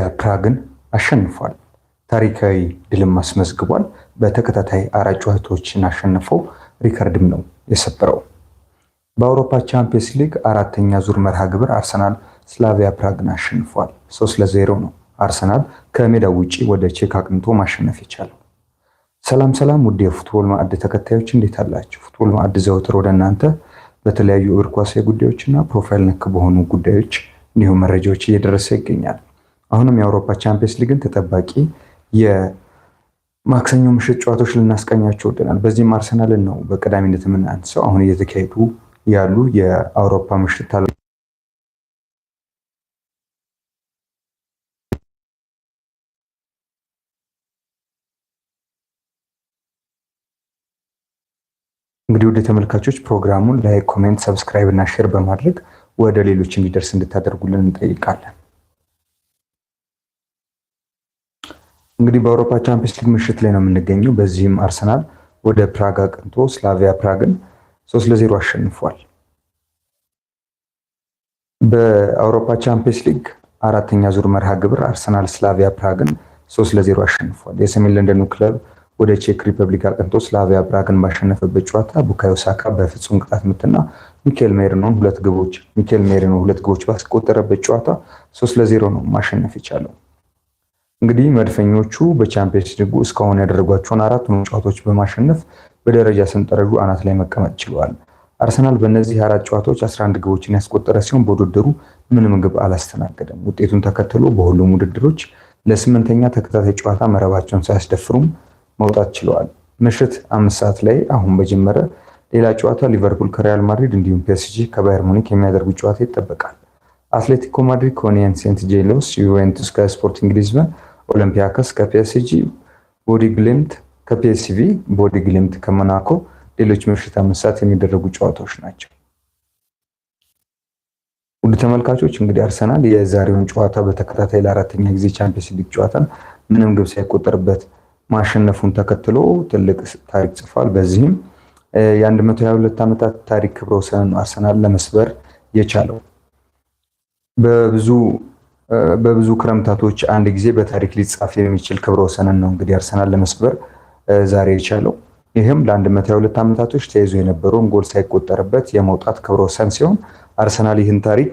ኤርትራ ግን አሸንፏል። ታሪካዊ ድልም አስመዝግቧል። በተከታታይ አራት ጨዋታዎችን አሸንፈው ሪከርድም ነው የሰበረው። በአውሮፓ ቻምፒየንስ ሊግ አራተኛ ዙር መርሃ ግብር አርሰናል ስላቪያ ፕራግን አሸንፏል። ሶስት ለዜሮ ነው አርሰናል ከሜዳው ውጪ ወደ ቼክ አቅንቶ ማሸነፍ የቻለው። ሰላም ሰላም፣ ውድ የፉትቦል ማዕድ ተከታዮች እንዴት አላችሁ? ፉትቦል ማዕድ ዘውትር ወደ እናንተ በተለያዩ እግር ኳሳዊ ጉዳዮችና ፕሮፋይል ነክ በሆኑ ጉዳዮች እንዲሁም መረጃዎች እየደረሰ ይገኛል። አሁንም የአውሮፓ ቻምፒየንስ ሊግን ተጠባቂ የማክሰኞ ምሽት ጨዋታዎች ልናስቀኛቸው ወደናል። በዚህም አርሰናልን ነው በቀዳሚነት የምናንሰው። አሁን እየተካሄዱ ያሉ የአውሮፓ ምሽት ታላ እንግዲህ ወደ ተመልካቾች ፕሮግራሙን ላይ ኮሜንት፣ ሰብስክራይብ እና ሼር በማድረግ ወደ ሌሎች እንዲደርስ እንድታደርጉልን እንጠይቃለን። እንግዲህ በአውሮፓ ቻምፒየንስ ሊግ ምሽት ላይ ነው የምንገኘው። በዚህም አርሰናል ወደ ፕራግ አቅንቶ ስላቪያ ፕራግን ሶስት ለዜሮ አሸንፏል። በአውሮፓ ቻምፒየንስ ሊግ አራተኛ ዙር መርሃ ግብር አርሰናል ስላቪያ ፕራግን ሶስት ለዜሮ አሸንፏል። የሰሜን ለንደኑ ክለብ ወደ ቼክ ሪፐብሊክ አቅንቶ ስላቪያ ፕራግን ባሸነፈበት ጨዋታ ቡካዮ ሳካ በፍጹም ቅጣት ምትና ሚኬል ሜሪኖን ሁለት ግቦች ሚኬል ሜሪኖ ሁለት ግቦች ባስቆጠረበት ጨዋታ ሶስት ለዜሮ ነው ማሸነፍ የቻለው። እንግዲህ መድፈኞቹ በቻምፒየንስ ሊጉ እስካሁን ያደረጓቸውን አራት ጨዋታዎች በማሸነፍ በደረጃ ሰንጠረዡ አናት ላይ መቀመጥ ችለዋል። አርሰናል በእነዚህ አራት ጨዋታዎች 11 ግቦችን ያስቆጠረ ሲሆን በውድድሩ ምንም ግብ አላስተናገደም። ውጤቱን ተከትሎ በሁሉም ውድድሮች ለስምንተኛ ተከታታይ ጨዋታ መረባቸውን ሳያስደፍሩም መውጣት ችለዋል። ምሽት አምስት ሰዓት ላይ አሁን በጀመረ ሌላ ጨዋታ ሊቨርፑል ከሪያል ማድሪድ እንዲሁም ፒኤስጂ ከባየር ሙኒክ የሚያደርጉት ጨዋታ ይጠበቃል። አትሌቲኮ ማድሪድ ከኦኒየን ሴንት ጄሎስ፣ ዩቬንቱስ ከስፖርቲንግ ሊዝበን ኦሎምፒያኮስ ከፒኤስጂ፣ ቦዲግሊምት ከፒኤስቪ፣ ቦዲግሊምት ከሞናኮ ሌሎች ምሽት አምስት ሰዓት የሚደረጉ ጨዋታዎች ናቸው። ውድ ተመልካቾች እንግዲህ አርሰናል የዛሬውን ጨዋታ በተከታታይ ለአራተኛ ጊዜ ቻምፒየንስ ሊግ ጨዋታን ምንም ግብ ሳይቆጠርበት ማሸነፉን ተከትሎ ትልቅ ታሪክ ጽፏል። በዚህም የ122 ዓመታት ታሪክ ክብረ ወሰኑን አርሰናል ለመስበር የቻለው በብዙ በብዙ ክረምታቶች አንድ ጊዜ በታሪክ ሊጻፍ የሚችል ክብረ ወሰንን ነው እንግዲህ አርሰናል ለመስበር ዛሬ የቻለው። ይህም ለ122 ዓመታቶች ተይዞ የነበረውን ጎል ሳይቆጠርበት የመውጣት ክብረ ወሰን ሲሆን አርሰናል ይህን ታሪክ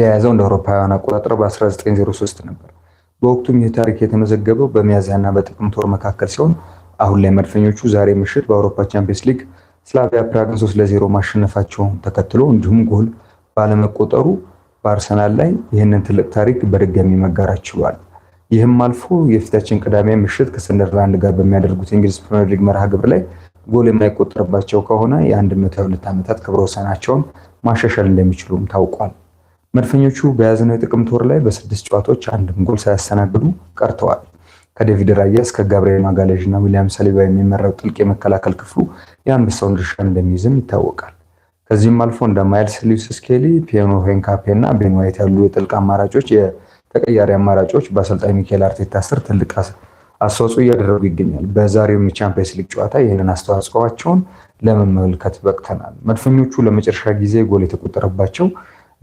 የያዘው እንደ አውሮፓውያን አቆጣጠር በ1903 ነበር። በወቅቱም ይህ ታሪክ የተመዘገበው በሚያዝያና በጥቅምት ወር መካከል ሲሆን አሁን ላይ መድፈኞቹ ዛሬ ምሽት በአውሮፓ ቻምፒየንስ ሊግ ስላቪያ ፕራግን 3 ለዜሮ ማሸነፋቸውን ተከትሎ እንዲሁም ጎል ባለመቆጠሩ በአርሰናል ላይ ይህንን ትልቅ ታሪክ በድጋሚ መጋራት ችሏል። ይህም አልፎ የፊታችን ቅዳሜ ምሽት ከሰንደርላንድ ጋር በሚያደርጉት የእንግሊዝ ፕሪምየር ሊግ መርሃ ግብር ላይ ጎል የማይቆጠርባቸው ከሆነ የ122 ዓመታት ክብረ ወሰናቸውን ማሻሻል እንደሚችሉም ታውቋል። መድፈኞቹ በያዝነው የጥቅምት ወር ላይ በስድስት ጨዋታዎች አንድም ጎል ሳያስተናግዱ ቀርተዋል። ከዴቪድ ራያ እስከ ጋብርኤል ማጋለዥ እና ዊሊያም ሰሊባ የሚመራው ጥልቅ የመከላከል ክፍሉ የአንበሳውን ድርሻ እንደሚይዝም ይታወቃል። ከዚህም አልፎ እንደ ማይልስ ሊውስ ስኬሊ፣ ፒኖ ሄንካፔ እና ቤን ዋይት ያሉ የጥልቅ አማራጮች የተቀያሪ አማራጮች በአሰልጣኝ ሚካኤል አርቴታ ስር ትልቅ አስተዋጽኦ እያደረጉ ይገኛል። በዛሬውም የቻምፒየንስ ሊግ ጨዋታ ይህንን አስተዋጽኦቸውን ለመመልከት በቅተናል። መድፈኞቹ ለመጨረሻ ጊዜ ጎል የተቆጠረባቸው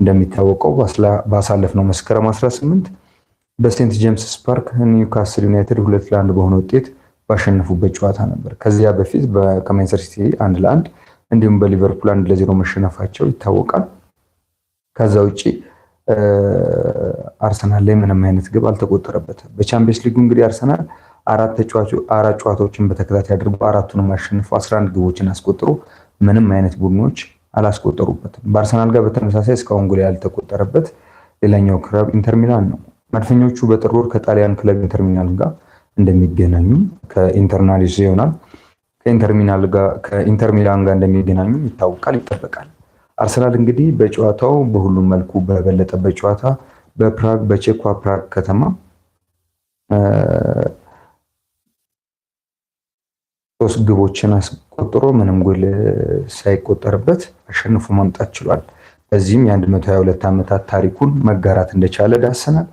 እንደሚታወቀው ባሳለፍነው መስከረም 18 በሴንት ጄምስ ፓርክ ኒውካስል ዩናይትድ ሁለት ለአንድ በሆነ ውጤት ባሸነፉበት ጨዋታ ነበር። ከዚያ በፊት ከማንቸስተር ሲቲ አንድ ለአንድ እንዲሁም በሊቨርፑል አንድ ለዜሮ መሸነፋቸው ይታወቃል። ከዛ ውጭ አርሰናል ላይ ምንም አይነት ግብ አልተቆጠረበትም። በቻምፒየንስ ሊጉ እንግዲህ አርሰናል አራት ጨዋታዎችን በተከታታይ አድርጎ አራቱንም አሸንፎ 11 ግቦችን አስቆጥሮ ምንም አይነት ቡድኖች አላስቆጠሩበትም። በአርሰናል ጋር በተመሳሳይ እስካሁን ጎል ያልተቆጠረበት ሌላኛው ክለብ ኢንተር ነው። መድፈኞቹ በጥር ወር ከጣሊያን ክለብ ኢንተር ጋር እንደሚገናኙ ከኢንተርናሊስ ይሆናል። ከኢንተር ሚላን ጋር እንደሚገናኙ ይታወቃል፣ ይጠበቃል። አርሰናል እንግዲህ በጨዋታው በሁሉም መልኩ በበለጠበት ጨዋታ በፕራግ በቼኳ ፕራግ ከተማ ሶስት ግቦችን አስቆጥሮ ምንም ጎል ሳይቆጠርበት አሸንፎ ማምጣት ችሏል። በዚህም የ122 ዓመታት ታሪኩን መጋራት እንደቻለ ዳሰናል።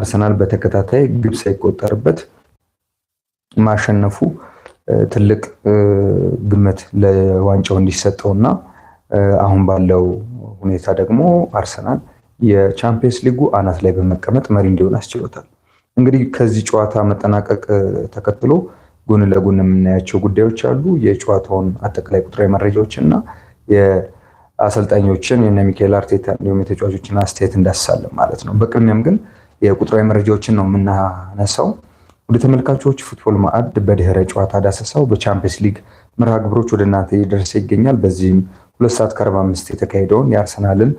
አርሰናል በተከታታይ ግብ ሳይቆጠርበት ማሸነፉ ትልቅ ግምት ለዋንጫው እንዲሰጠው እና አሁን ባለው ሁኔታ ደግሞ አርሰናል የቻምፒየንስ ሊጉ አናት ላይ በመቀመጥ መሪ እንዲሆን አስችሎታል። እንግዲህ ከዚህ ጨዋታ መጠናቀቅ ተከትሎ ጎን ለጎን የምናያቸው ጉዳዮች አሉ። የጨዋታውን አጠቃላይ ቁጥራዊ መረጃዎች እና የአሰልጣኞችን የነ ሚካኤል አርቴታ እንዲሁም የተጫዋቾችን አስተያየት እንዳስሳለን ማለት ነው። በቅድሚያም ግን የቁጥራዊ መረጃዎችን ነው የምናነሳው። ወደ ተመልካቾች ፉትቦል ማዕድ በድህረ ጨዋታ ዳሰሳው በቻምፒየንስ ሊግ መርሃ ግብሮች ወደ እናንተ እየደረሰ ይገኛል። በዚህም ሁለት ሰዓት ከአርባ አምስት የተካሄደውን የአርሰናልን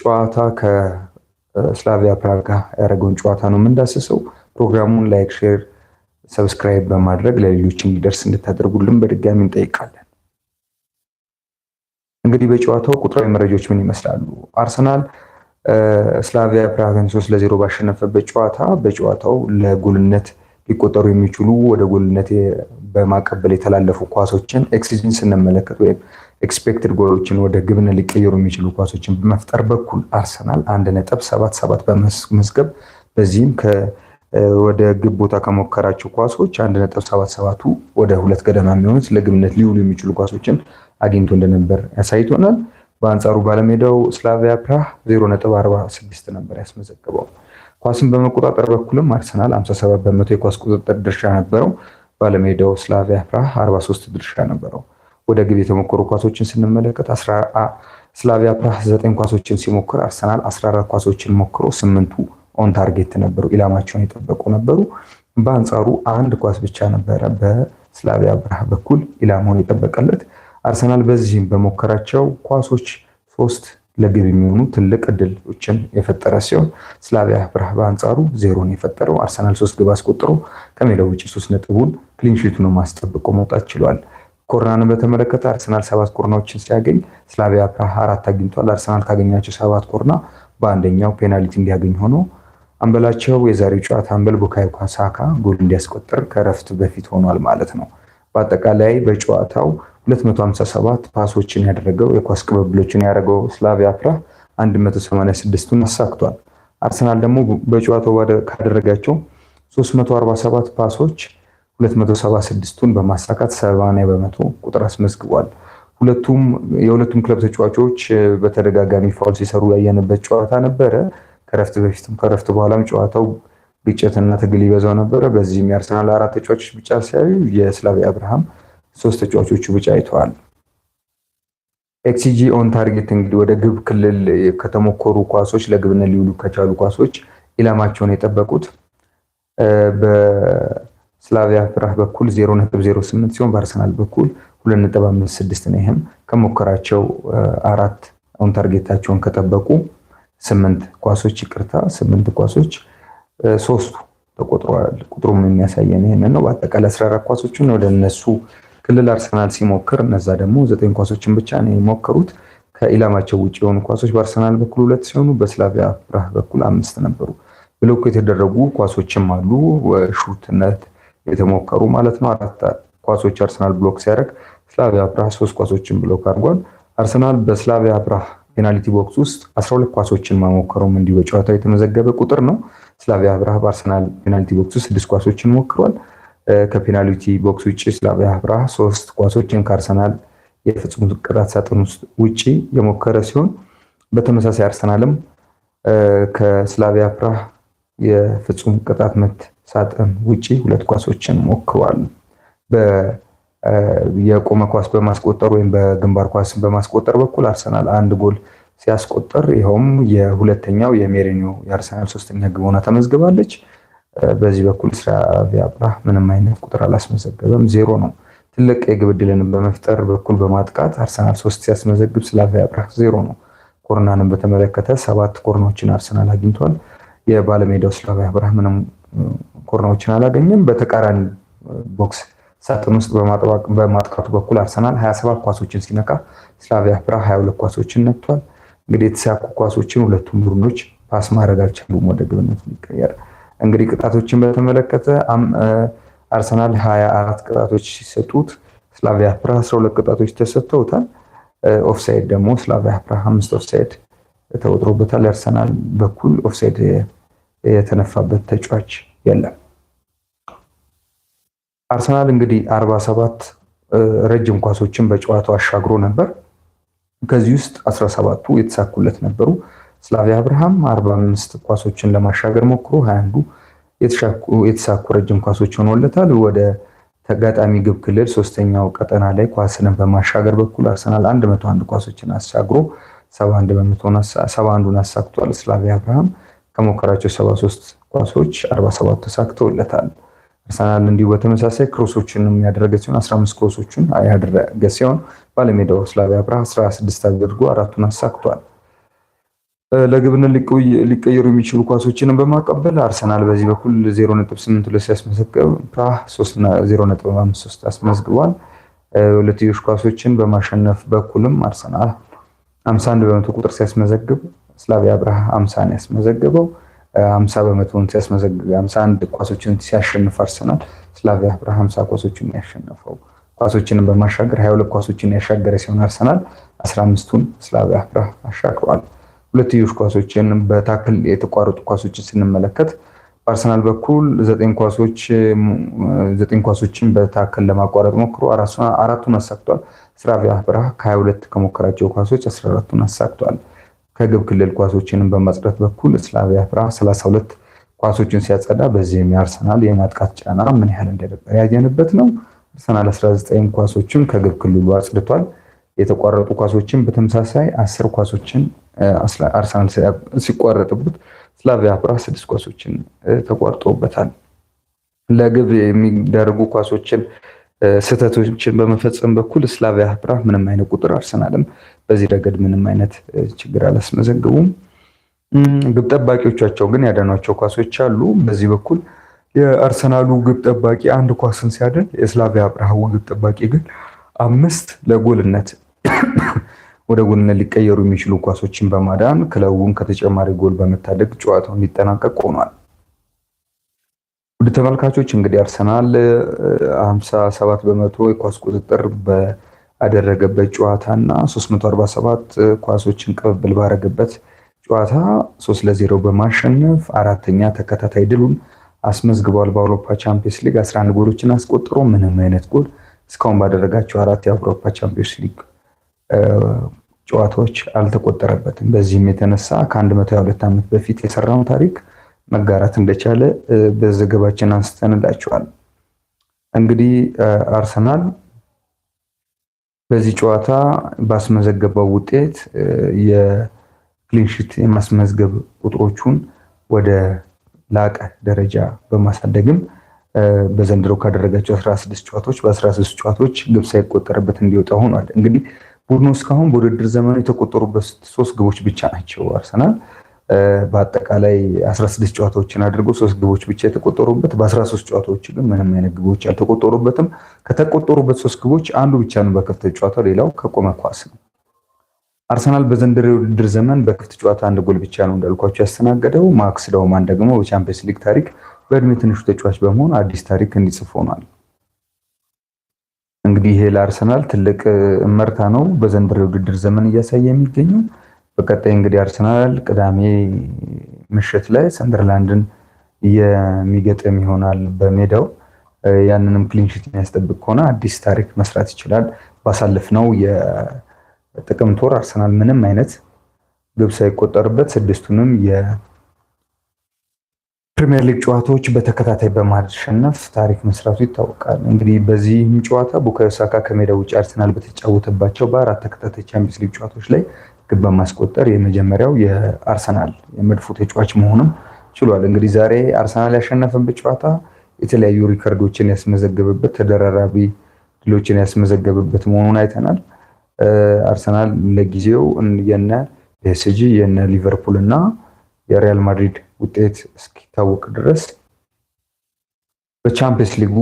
ጨዋታ ከስላቪያ ፕራጋ ያደረገውን ጨዋታ ነው የምንዳሰሰው። ፕሮግራሙን ላይክ፣ ሼር፣ ሰብስክራይብ በማድረግ ለሌሎች እንዲደርስ እንድታደርጉልን በድጋሚ እንጠይቃለን። እንግዲህ በጨዋታው ቁጥራዊ መረጃዎች ምን ይመስላሉ? አርሰናል ስላቪያ ፕራጋን ሶስት ለዜሮ ባሸነፈበት ጨዋታ በጨዋታው ለጉልነት ሊቆጠሩ የሚችሉ ወደ ጎልነት በማቀበል የተላለፉ ኳሶችን ኤክስጂን ስንመለከት ወይም ኤክስፔክትድ ጎሎችን ወደ ግብን ሊቀየሩ የሚችሉ ኳሶችን በመፍጠር በኩል አርሰናል አንድ ነጥብ ሰባት ሰባት በመስገብ በዚህም ወደ ግብ ቦታ ከሞከራቸው ኳሶች አንድ ነጥብ ሰባት ሰባቱ ወደ ሁለት ገደማ የሚሆኑት ለግብነት ሊውሉ የሚችሉ ኳሶችን አግኝቶ እንደነበር ያሳይቶናል። በአንጻሩ ባለሜዳው ስላቪያ ፕራህ ዜሮ ነጥብ አርባ ስድስት ነበር ያስመዘግበው። ኳስን በመቆጣጠር በኩልም አርሰናል 57 በመቶ የኳስ ቁጥጥር ድርሻ ነበረው። ባለሜዳው ስላቪያ ፕራሃ 43 ድርሻ ነበረው። ወደ ግብ የተሞከሩ ኳሶችን ስንመለከት ስላቪያ ፕራሃ 9 ኳሶችን ሲሞክር አርሰናል 14 ኳሶችን ሞክሮ ስምንቱ ኦን ታርጌት ነበሩ፣ ኢላማቸውን የጠበቁ ነበሩ። በአንጻሩ አንድ ኳስ ብቻ ነበረ በስላቪያ ፕራሃ በኩል ኢላማውን የጠበቀለት። አርሰናል በዚህም በሞከራቸው ኳሶች ሶስት ለግብ የሚሆኑ ትልቅ እድሎችን የፈጠረ ሲሆን ስላቪያ ብርሃ በአንጻሩ ዜሮን የፈጠረው አርሰናል ሶስት ግብ አስቆጥሮ ከሜዳው ውጭ ሶስት ነጥቡን ክሊንሺቱን ማስጠብቆ መውጣት ችሏል። ኮርናን በተመለከተ አርሰናል ሰባት ኮርናዎችን ሲያገኝ ስላቪያ ብርሃ አራት አግኝቷል። አርሰናል ካገኛቸው ሰባት ኮርና በአንደኛው ፔናልቲ እንዲያገኝ ሆኖ አንበላቸው የዛሬው ጨዋታ አንበል ቡካዮ ሳካ ጎል እንዲያስቆጥር ከረፍት በፊት ሆኗል ማለት ነው። በአጠቃላይ በጨዋታው 257 ፓሶችን ያደረገው የኳስ ቅብብሎችን ያደረገው ስላቪያ ፕራግ 186ቱን አሳክቷል። አርሰናል ደግሞ በጨዋታው ካደረጋቸው 347 ፓሶች 276ቱን በማሳካት 80 በመቶ ቁጥር አስመዝግቧል። ሁለቱም የሁለቱም ክለብ ተጫዋቾች በተደጋጋሚ ፋውል ሲሰሩ ያየንበት ጨዋታ ነበረ። ከረፍት በፊትም ከረፍት በኋላም ጨዋታው ግጭትና ትግል ይበዛው ነበረ። በዚህም የአርሰናል አራት ተጫዋቾች ቢጫ ሲያዩ የስላቪያ አብርሃም ሶስት ተጫዋቾቹ ብቻ አይተዋል። ኤክሲጂ ኦን ታርጌት እንግዲህ ወደ ግብ ክልል ከተሞከሩ ኳሶች ለግብነት ሊውሉ ከቻሉ ኳሶች ኢላማቸውን የጠበቁት በስላቪያ ፕራህ በኩል 0.08 ሲሆን በአርሰናል በኩል 2.56 ነው። ይህም ከሞከራቸው አራት ኦን ታርጌታቸውን ከጠበቁ ስምንት ኳሶች ይቅርታ ስምንት ኳሶች ሶስቱ ተቆጥረዋል። ቁጥሩም የሚያሳየን ይህንን ነው። በአጠቃላይ 14 ኳሶችን ወደ እነሱ ክልል አርሰናል ሲሞክር እነዛ ደግሞ ዘጠኝ ኳሶችን ብቻ ነው የሞከሩት። ከኢላማቸው ውጭ የሆኑ ኳሶች በአርሰናል በኩል ሁለት ሲሆኑ በስላቪያ ፕራህ በኩል አምስት ነበሩ። ብሎክ የተደረጉ ኳሶችም አሉ፣ ሹትነት የተሞከሩ ማለት ነው። አራት ኳሶች አርሰናል ብሎክ ሲያደርግ ስላቪያ ፕራህ ሶስት ኳሶችን ብሎክ አድርጓል። አርሰናል በስላቪያ ፕራህ ፔናልቲ ቦክስ ውስጥ 12 ኳሶችን መሞከሩም እንዲሁ በጨዋታው የተመዘገበ ቁጥር ነው። ስላቪያ ፕራህ በአርሰናል ፔናልቲ ቦክስ ውስጥ ስድስት ኳሶችን ሞክሯል። ከፔናልቲ ቦክስ ውጭ ስላቪያ ፕራሃ ሶስት ኳሶችን ከአርሰናል የፍጹም ቅጣት ሳጥን ውጭ የሞከረ ሲሆን በተመሳሳይ አርሰናልም ከስላቪያ ፕራሃ የፍጹም ቅጣት ምት ሳጥን ውጭ ሁለት ኳሶችን ሞክሯል። የቆመ ኳስ በማስቆጠር ወይም በግንባር ኳስ በማስቆጠር በኩል አርሰናል አንድ ጎል ሲያስቆጠር ይኸውም የሁለተኛው የሜሪኒዮ የአርሰናል ሶስተኛ ግብ ሆና ተመዝግባለች። በዚህ በኩል ስላቪያ ፕራግ ምንም አይነት ቁጥር አላስመዘገበም፣ ዜሮ ነው። ትልቅ የግብ ዕድልን በመፍጠር በኩል በማጥቃት አርሰናል ሶስት ሲያስመዘግብ ስላቪያ ፕራግ ዜሮ ነው። ኮርናንም በተመለከተ ሰባት ኮርናዎችን አርሰናል አግኝቷል። የባለሜዳው ስላቪያ ፕራግ ምንም ኮርናዎችን አላገኘም። በተቃራኒ ቦክስ ሳጥን ውስጥ በማጥቃቱ በኩል አርሰናል 27 ኳሶችን ሲነካ ስላቪያ ፕራግ 22 ኳሶችን ነክቷል። እንግዲህ የተሳኩ ኳሶችን ሁለቱም ቡድኖች ፓስ ማድረግ አልቻሉም ወደ ግብነት የሚቀየር እንግዲህ ቅጣቶችን በተመለከተ አርሰናል 24 ቅጣቶች ሲሰጡት ስላቪያ ፕራ 12 ቅጣቶች ተሰጥተውታል። ኦፍሳይድ ደግሞ ስላቪያ ፕራ አምስት ኦፍሳይድ ተወጥሮበታል። አርሰናል በኩል ኦፍሳይድ የተነፋበት ተጫዋች የለም። አርሰናል እንግዲህ 47 ረጅም ኳሶችን በጨዋታው አሻግሮ ነበር። ከዚህ ውስጥ 17ቱ የተሳኩለት ነበሩ። ስላቪያ አብርሃም 45 ኳሶችን ለማሻገር ሞክሮ 21 ዱ የተሳኩ ረጅም ኳሶች ሆኖለታል። ወደ ተጋጣሚ ግብ ክልል ሶስተኛው ቀጠና ላይ ኳስንም በማሻገር በኩል አርሰናል 101 ኳሶችን አሻግሮ 71ን አሳክቷል። ስላቪያ አብርሃም ከሞከራቸው 73 ኳሶች 47 ተሳክተውለታል። አርሰናል እንዲሁ በተመሳሳይ ክሮሶችንም ያደረገ ሲሆን 15 ክሮሶችን ያደረገ ሲሆን ባለሜዳው ስላቪያ አብርሃ 16 አድርጎ አራቱን አሳክቷል። ለግብነት ሊቀየሩ የሚችሉ ኳሶችንም በማቀበል አርሰናል በዚህ በኩል 0.82 ሲያስመዘግብ ፕራህ 0.53 አስመዝግቧል። ሁለትዮሽ ኳሶችን በማሸነፍ በኩልም አርሰናል 51 በመቶ ቁጥር ሲያስመዘግብ ስላቪያ ብርሃ 50 ያስመዘግበው 50 በመቶ ሲያስመዘግብ 51 ኳሶችን ሲያሸንፍ አርሰናል ስላቪያ ብርሃ 50 ኳሶችን ያሸነፈው ኳሶችንም በማሻገር 22 ኳሶችን ያሻገረ ሲሆን አርሰናል 15ቱን ስላቪያ ብርሃ አሻግሯል። ሁለትዮሽ ኳሶችን በታክል የተቋረጡ ኳሶችን ስንመለከት በአርሰናል በኩል ዘጠኝ ኳሶችን በታክል ለማቋረጥ ሞክሮ አራቱን አሳክቷል። ስራቪያ ብራ ከ ከሞከራቸው ኳሶች 14ቱን አሳክቷል። ከግብ ክልል ኳሶችንም በማጽዳት በኩል ስላቪያ ሰላሳ ሁለት ኳሶችን ሲያጸዳ፣ በዚህም የአርሰናል የማጥቃት ጫና ምን ያህል እንደነበር ያየንበት ነው። አርሰናል 19 ኳሶችን ከግብ ክልሉ አጽድቷል። የተቋረጡ ኳሶችን በተመሳሳይ አስር ኳሶችን አርሰናል ሲቋረጥበት ስላቪያ ፕራ ስድስት ኳሶችን ተቋርጦበታል። ለግብ የሚደረጉ ኳሶችን ስህተቶችን በመፈጸም በኩል ስላቪያ ፕራ ምንም አይነት ቁጥር አርሰናልም በዚህ ረገድ ምንም አይነት ችግር አላስመዘግቡም። ግብ ጠባቂዎቻቸው ግን ያዳኗቸው ኳሶች አሉ። በዚህ በኩል የአርሰናሉ ግብ ጠባቂ አንድ ኳስን ሲያድን የስላቪያ ፕራግ ግብ ጠባቂ ግን አምስት ለጎልነት ወደ ጎንነት ሊቀየሩ የሚችሉ ኳሶችን በማዳን ክለቡን ከተጨማሪ ጎል በመታደግ ጨዋታው እንዲጠናቀቅ ሆኗል። ውድ ተመልካቾች እንግዲህ አርሰናል 57 በመቶ የኳስ ቁጥጥር ባደረገበት ጨዋታ እና 347 ኳሶችን ቅብብል ባረገበት ጨዋታ 3 ለዜሮ በማሸነፍ አራተኛ ተከታታይ ድሉን አስመዝግቧል። በአውሮፓ ቻምፒየንስ ሊግ 11 ጎሎችን አስቆጥሮ ምንም አይነት ጎል እስካሁን ባደረጋቸው አራት የአውሮፓ ቻምፒየንስ ሊግ ጨዋታዎች አልተቆጠረበትም። በዚህም የተነሳ ከ122 ዓመት በፊት የሰራውን ታሪክ መጋራት እንደቻለ በዘገባችን አንስተንላቸዋል። እንግዲህ አርሰናል በዚህ ጨዋታ ባስመዘገበው ውጤት የክሊንሽት የማስመዝገብ ቁጥሮቹን ወደ ላቀ ደረጃ በማሳደግም በዘንድሮ ካደረጋቸው 16 ጨዋታዎች በ16 ጨዋታዎች ግብ ሳይቆጠርበት እንዲወጣ ሆኗል። እንግዲህ ቡድኑ እስካሁን በውድድር ዘመኑ የተቆጠሩበት ሶስት ግቦች ብቻ ናቸው። አርሰናል በአጠቃላይ 16 ጨዋታዎችን አድርጎ ሶስት ግቦች ብቻ የተቆጠሩበት፣ በ13 ጨዋታዎች ግን ምንም አይነት ግቦች አልተቆጠሩበትም። ከተቆጠሩበት ሶስት ግቦች አንዱ ብቻ ነው በክፍት ጨዋታ፣ ሌላው ከቆመ ኳስ ነው። አርሰናል በዘንድሮ የውድድር ዘመን በክፍት ጨዋታ አንድ ጎል ብቻ ነው እንዳልኳቸው ያስተናገደው። ማክስ ዳውማን ደግሞ በቻምፒየንስ ሊግ ታሪክ በእድሜ ትንሹ ተጫዋች በመሆን አዲስ ታሪክ እንዲጽፍ ሆኗል። እንግዲህ ይሄ ለአርሰናል ትልቅ እመርታ ነው፣ በዘንድሮ ውድድር ዘመን እያሳየ የሚገኘው። በቀጣይ እንግዲህ አርሰናል ቅዳሜ ምሽት ላይ ሰንደርላንድን የሚገጥም ይሆናል በሜዳው። ያንንም ክሊንሽት የሚያስጠብቅ ከሆነ አዲስ ታሪክ መስራት ይችላል። ባሳለፍነው የጥቅምት ወር አርሰናል ምንም አይነት ግብ ሳይቆጠርበት ስድስቱንም ፕሪሚየር ሊግ ጨዋታዎች በተከታታይ በማሸነፍ ታሪክ መስራቱ ይታወቃል። እንግዲህ በዚህም ጨዋታ ቡካዮ ሳካ ከሜዳ ውጭ አርሰናል በተጫወተባቸው በአራት ተከታታይ ቻምፒየንስ ሊግ ጨዋታዎች ላይ ግብ በማስቆጠር የመጀመሪያው የአርሰናል የመድፎ ተጫዋች መሆኑም ችሏል። እንግዲህ ዛሬ አርሰናል ያሸነፈበት ጨዋታ የተለያዩ ሪከርዶችን ያስመዘገበበት፣ ተደራራቢ ድሎችን ያስመዘገበበት መሆኑን አይተናል። አርሰናል ለጊዜው የነ ፒኤስጂ የነ ሊቨርፑል እና የሪያል ማድሪድ ውጤት እስኪታወቅ ድረስ በቻምፒየንስ ሊጉ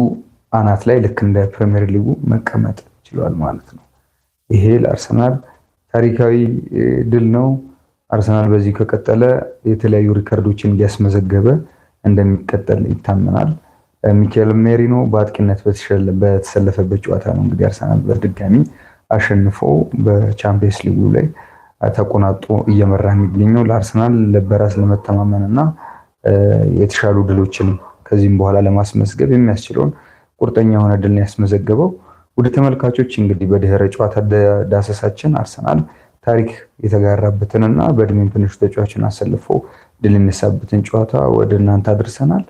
አናት ላይ ልክ እንደ ፕሪሚየር ሊጉ መቀመጥ ችሏል ማለት ነው። ይሄ ለአርሰናል ታሪካዊ ድል ነው። አርሰናል በዚህ ከቀጠለ የተለያዩ ሪከርዶችን እያስመዘገበ እንደሚቀጠል ይታመናል። ሚካኤል ሜሪኖ በአጥቂነት በተሰለፈበት ጨዋታ ነው እንግዲህ አርሰናል በድጋሚ አሸንፎ በቻምፒየንስ ሊጉ ላይ ተቆናጦ እየመራ የሚገኘው ለአርሰናል በራስ ለመተማመን እና የተሻሉ ድሎችን ከዚህም በኋላ ለማስመዝገብ የሚያስችለውን ቁርጠኛ የሆነ ድል ያስመዘገበው። ወደ ተመልካቾች እንግዲህ በድህረ ጨዋታ ዳሰሳችን አርሰናል ታሪክ እና በእድሜም ትንሹ ተጫዋችን አሰልፎ ድል የነሳበትን ጨዋታ ወደ እናንተ አድርሰናል።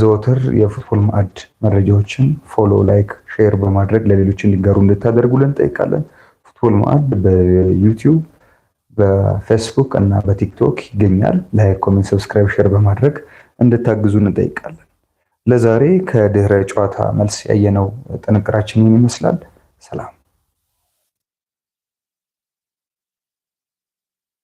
ዘወትር የፉትቦል ማዕድ መረጃዎችን ፎሎ፣ ላይክ፣ ሼር በማድረግ ለሌሎች እንዲጋሩ እንድታደርጉልን እንጠይቃለን። ፉትቦል ማዕድ በዩቲዩብ በፌስቡክ እና በቲክቶክ ይገኛል። ላይክ፣ ኮሜንት፣ ሰብስክራይብ፣ ሼር በማድረግ እንድታግዙ እንጠይቃለን። ለዛሬ ከድህረ ጨዋታ መልስ ያየነው ጥንቅራችን ይመስላል። ሰላም